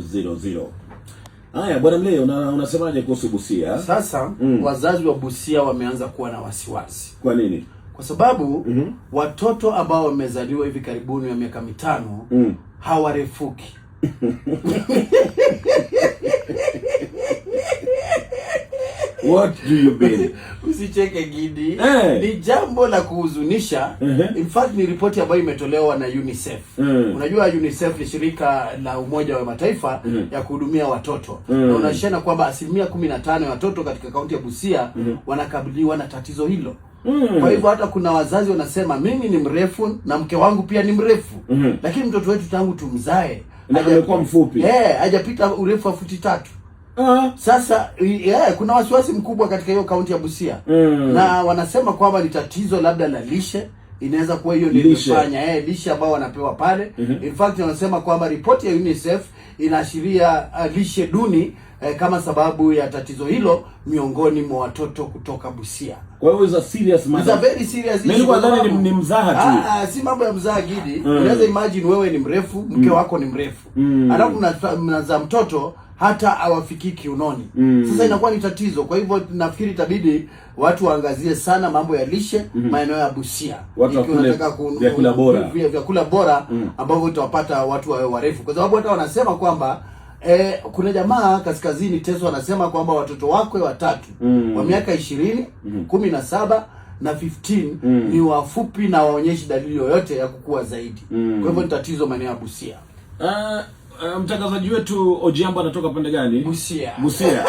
00. Haya bwana Mleo, una, unasemaje kuhusu Busia? Sasa mm. wazazi wa Busia wameanza kuwa na wasiwasi. Kwa nini? Kwa sababu mm -hmm. watoto ambao wamezaliwa hivi karibuni ya miaka mitano mm. hawarefuki What do you mean? Usicheke Gidi. Hey. Eh. Ni jambo la kuhuzunisha. Uh -huh. In fact ni ripoti ambayo imetolewa na UNICEF. Uh eh. -huh. Unajua UNICEF ni shirika la Umoja wa Mataifa uh -huh. ya kuhudumia watoto. Uh eh. -huh. Na unashana kwamba asilimia kumi na tano ya watoto katika kaunti ya Busia uh -huh. wanakabiliwa na tatizo hilo. Mm. Kwa hivyo hata kuna wazazi wanasema mimi ni mrefu na mke wangu pia ni mrefu. Mm -hmm. Lakini mtoto wetu tangu tumzae amekuwa mfupi. Eh, hajapita urefu wa futi tatu. Uh, sasa yeah, kuna wasiwasi mkubwa katika hiyo kaunti ya Busia mm. na wanasema kwamba ni tatizo labda la lishe, inaweza kuwa hiyo ndio inafanya eh, lishe ambao wanapewa pale mm -hmm. In fact wanasema kwamba ripoti ya UNICEF inaashiria uh, lishe duni eh, kama sababu ya tatizo hilo miongoni mwa watoto kutoka Busia. Kwa hiyo is a serious matter. Is a very serious issue. Nilikuwa nadhani ni mzaha tu. Ah, ah, si mambo ya mzaha gidi. Mm. Unaweza imagine wewe ni mrefu, mke mm. wako ni mrefu. Mm. Alafu mnazaa mtoto hata awafikii kiunoni. Mm. Sasa inakuwa ni tatizo. Kwa hivyo nafikiri itabidi watu waangazie sana mambo ya lishe mm. maeneo ya Busia, watu wanataka vyakula bora, vyakula bora mm. ambavyo utawapata watu wawe warefu, kwa sababu hata wanasema kwamba Eh, kuna jamaa kaskazini Teso anasema kwamba watoto wakwe watatu mm. wa miaka ishirini mm. kumi na saba na 15 mm. ni wafupi na waonyeshi dalili yoyote ya kukua zaidi mm. kwa hivyo ni tatizo maeneo ya Busia. Uh, uh, mtangazaji wetu Ojiambo anatoka pande gani? Busia. Busia.